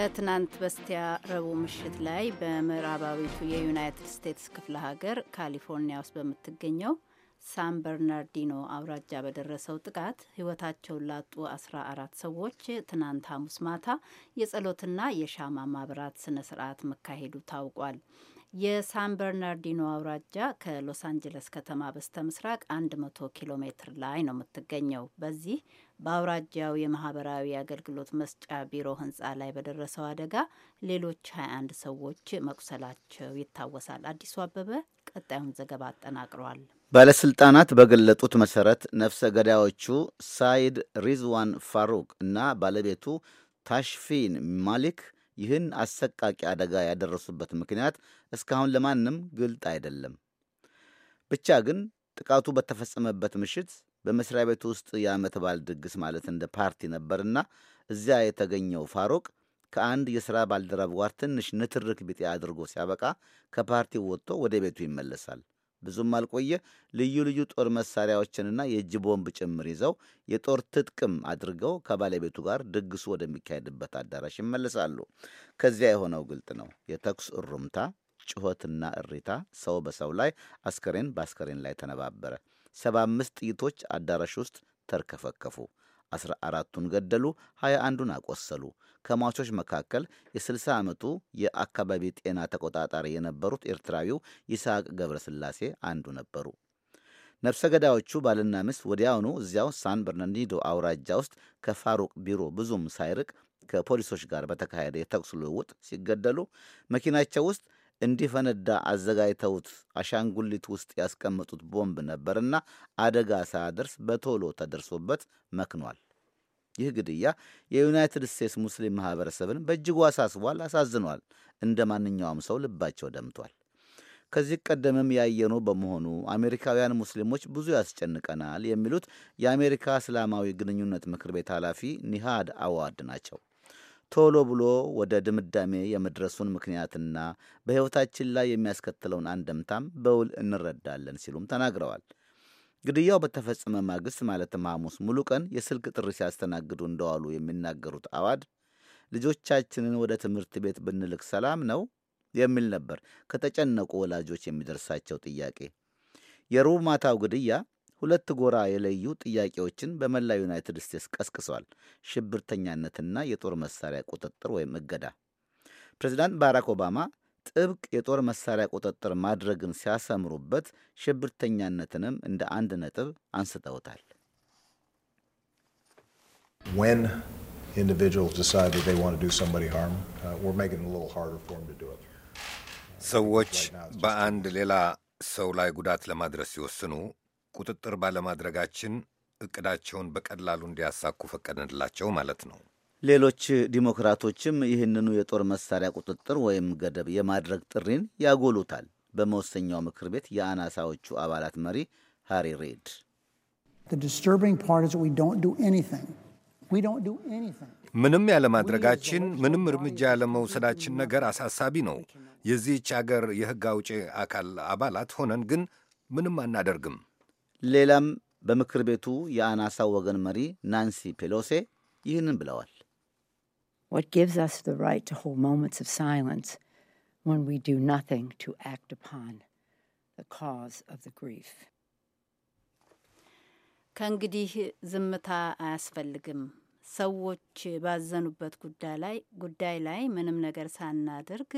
ከትናንት በስቲያ ረቡዕ ምሽት ላይ በምዕራባዊቱ የዩናይትድ ስቴትስ ክፍለ ሀገር ካሊፎርኒያ ውስጥ በምትገኘው ሳን በርናርዲኖ አውራጃ በደረሰው ጥቃት ሕይወታቸውን ላጡ አስራ አራት ሰዎች ትናንት ሐሙስ ማታ የጸሎትና የሻማ ማብራት ስነ ስርዓት መካሄዱ ታውቋል። የሳን በርናርዲኖ አውራጃ ከሎስ አንጀለስ ከተማ በስተ ምስራቅ 100 ኪሎ ሜትር ላይ ነው የምትገኘው። በዚህ በአውራጃው የማህበራዊ አገልግሎት መስጫ ቢሮ ህንፃ ላይ በደረሰው አደጋ ሌሎች 21 ሰዎች መቁሰላቸው ይታወሳል። አዲሱ አበበ ቀጣዩን ዘገባ አጠናቅሯል። ባለስልጣናት በገለጡት መሠረት ነፍሰ ገዳዮቹ ሳይድ ሪዝዋን ፋሩቅ እና ባለቤቱ ታሽፊን ማሊክ ይህን አሰቃቂ አደጋ ያደረሱበት ምክንያት እስካሁን ለማንም ግልጥ አይደለም። ብቻ ግን ጥቃቱ በተፈጸመበት ምሽት በመስሪያ ቤት ውስጥ የዓመት በዓል ድግስ ማለት እንደ ፓርቲ ነበርና እዚያ የተገኘው ፋሮቅ ከአንድ የሥራ ባልደረብ ጋር ትንሽ ንትርክ ቢጤ አድርጎ ሲያበቃ ከፓርቲው ወጥቶ ወደ ቤቱ ይመለሳል። ብዙም አልቆየ ልዩ ልዩ ጦር መሳሪያዎችንና የእጅ ቦምብ ጭምር ይዘው የጦር ትጥቅም አድርገው ከባለቤቱ ጋር ድግሱ ወደሚካሄድበት አዳራሽ ይመለሳሉ። ከዚያ የሆነው ግልጥ ነው። የተኩስ እሩምታ፣ ጩኸትና እሪታ፣ ሰው በሰው ላይ፣ አስከሬን በአስከሬን ላይ ተነባበረ። ሰባ አምስት ጥይቶች አዳራሽ ውስጥ ተርከፈከፉ። 14ቱን ገደሉ፣ 21 አንዱን አቆሰሉ። ከሟቾች መካከል የ60 ዓመቱ የአካባቢ ጤና ተቆጣጣሪ የነበሩት ኤርትራዊው ይስሐቅ ገብረስላሴ አንዱ ነበሩ። ነፍሰ ገዳዮቹ ባልና ሚስት ወዲያውኑ እዚያው ሳን በርናንዲዶ አውራጃ ውስጥ ከፋሩቅ ቢሮ ብዙም ሳይርቅ ከፖሊሶች ጋር በተካሄደ የተኩስ ልውውጥ ሲገደሉ መኪናቸው ውስጥ እንዲፈነዳ አዘጋጅተውት አሻንጉሊት ውስጥ ያስቀመጡት ቦምብ ነበርና አደጋ ሳያደርስ በቶሎ ተደርሶበት መክኗል። ይህ ግድያ የዩናይትድ ስቴትስ ሙስሊም ማህበረሰብን በእጅጉ አሳስቧል፣ አሳዝኗል። እንደ ማንኛውም ሰው ልባቸው ደምቷል። ከዚህ ቀደምም ያየኑ በመሆኑ አሜሪካውያን ሙስሊሞች ብዙ ያስጨንቀናል የሚሉት የአሜሪካ እስላማዊ ግንኙነት ምክር ቤት ኃላፊ ኒሃድ አዋድ ናቸው። ቶሎ ብሎ ወደ ድምዳሜ የመድረሱን ምክንያትና በሕይወታችን ላይ የሚያስከትለውን አንደምታም በውል እንረዳለን ሲሉም ተናግረዋል። ግድያው በተፈጸመ ማግስት ማለትም ሐሙስ ሙሉ ቀን የስልክ ጥሪ ሲያስተናግዱ እንደዋሉ የሚናገሩት አዋድ ልጆቻችንን ወደ ትምህርት ቤት ብንልክ ሰላም ነው የሚል ነበር ከተጨነቁ ወላጆች የሚደርሳቸው ጥያቄ። የሩብ ማታው ግድያ ሁለት ጎራ የለዩ ጥያቄዎችን በመላ ዩናይትድ ስቴትስ ቀስቅሰዋል። ሽብርተኛነትና የጦር መሳሪያ ቁጥጥር ወይም እገዳ። ፕሬዚዳንት ባራክ ኦባማ ጥብቅ የጦር መሳሪያ ቁጥጥር ማድረግን ሲያሰምሩበት ሽብርተኛነትንም እንደ አንድ ነጥብ አንስተውታል። uh, ሰዎች በአንድ ሌላ ሰው ላይ ጉዳት ለማድረስ ሲወስኑ ቁጥጥር ባለማድረጋችን እቅዳቸውን በቀላሉ እንዲያሳኩ ፈቀደንላቸው ማለት ነው። ሌሎች ዲሞክራቶችም ይህንኑ የጦር መሳሪያ ቁጥጥር ወይም ገደብ የማድረግ ጥሪን ያጎሉታል። በመወሰኛው ምክር ቤት የአናሳዎቹ አባላት መሪ ሃሪ ሬድ ምንም ያለማድረጋችን ምንም እርምጃ ያለመውሰዳችን ነገር አሳሳቢ ነው። የዚህች አገር የሕግ አውጪ አካል አባላት ሆነን ግን ምንም አናደርግም። ሌላም በምክር ቤቱ የአናሳው ወገን መሪ ናንሲ ፔሎሴ ይህንን ብለዋል። ከእንግዲህ ዝምታ አያስፈልግም። ሰዎች ባዘኑበት ጉዳይ ላይ ምንም ነገር ሳናደርግ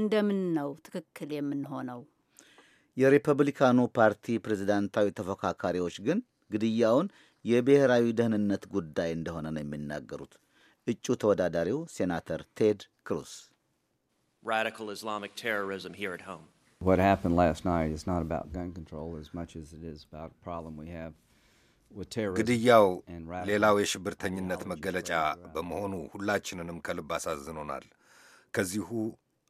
እንደምን ነው ትክክል የምንሆነው? የሪፐብሊካኑ ፓርቲ ፕሬዝዳንታዊ ተፎካካሪዎች ግን ግድያውን የብሔራዊ ደህንነት ጉዳይ እንደሆነ ነው የሚናገሩት። እጩ ተወዳዳሪው ሴናተር ቴድ ክሩስ ግድያው ሌላው የሽብርተኝነት መገለጫ በመሆኑ ሁላችንንም ከልብ አሳዝኖናል። ከዚሁ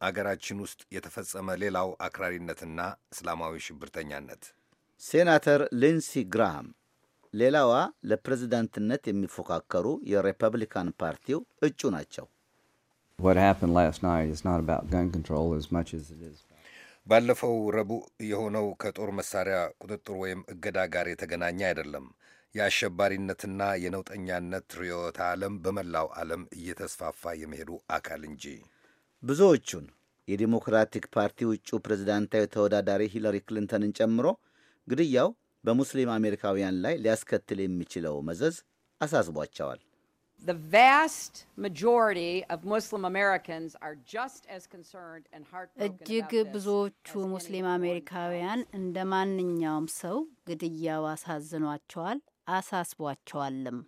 አገራችን ውስጥ የተፈጸመ ሌላው አክራሪነትና እስላማዊ ሽብርተኛነት። ሴናተር ሊንሲ ግራሃም ሌላዋ ለፕሬዝዳንትነት የሚፎካከሩ የሪፐብሊካን ፓርቲው እጩ ናቸው። ባለፈው ረቡዕ የሆነው ከጦር መሳሪያ ቁጥጥር ወይም እገዳ ጋር የተገናኘ አይደለም። የአሸባሪነትና የነውጠኛነት ርዕዮተ ዓለም በመላው ዓለም እየተስፋፋ የመሄዱ አካል እንጂ ብዙዎቹን የዲሞክራቲክ ፓርቲ ውጩ ፕሬዝዳንታዊ ተወዳዳሪ ሂለሪ ክሊንተንን ጨምሮ ግድያው በሙስሊም አሜሪካውያን ላይ ሊያስከትል የሚችለው መዘዝ አሳስቧቸዋል። እጅግ ብዙዎቹ ሙስሊም አሜሪካውያን እንደ ማንኛውም ሰው ግድያው አሳዝኗቸዋል፣ አሳስቧቸዋልም።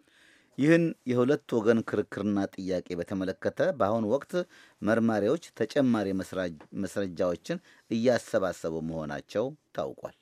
ይህን የሁለት ወገን ክርክርና ጥያቄ በተመለከተ በአሁኑ ወቅት መርማሪዎች ተጨማሪ መስረጃዎችን እያሰባሰቡ መሆናቸው ታውቋል።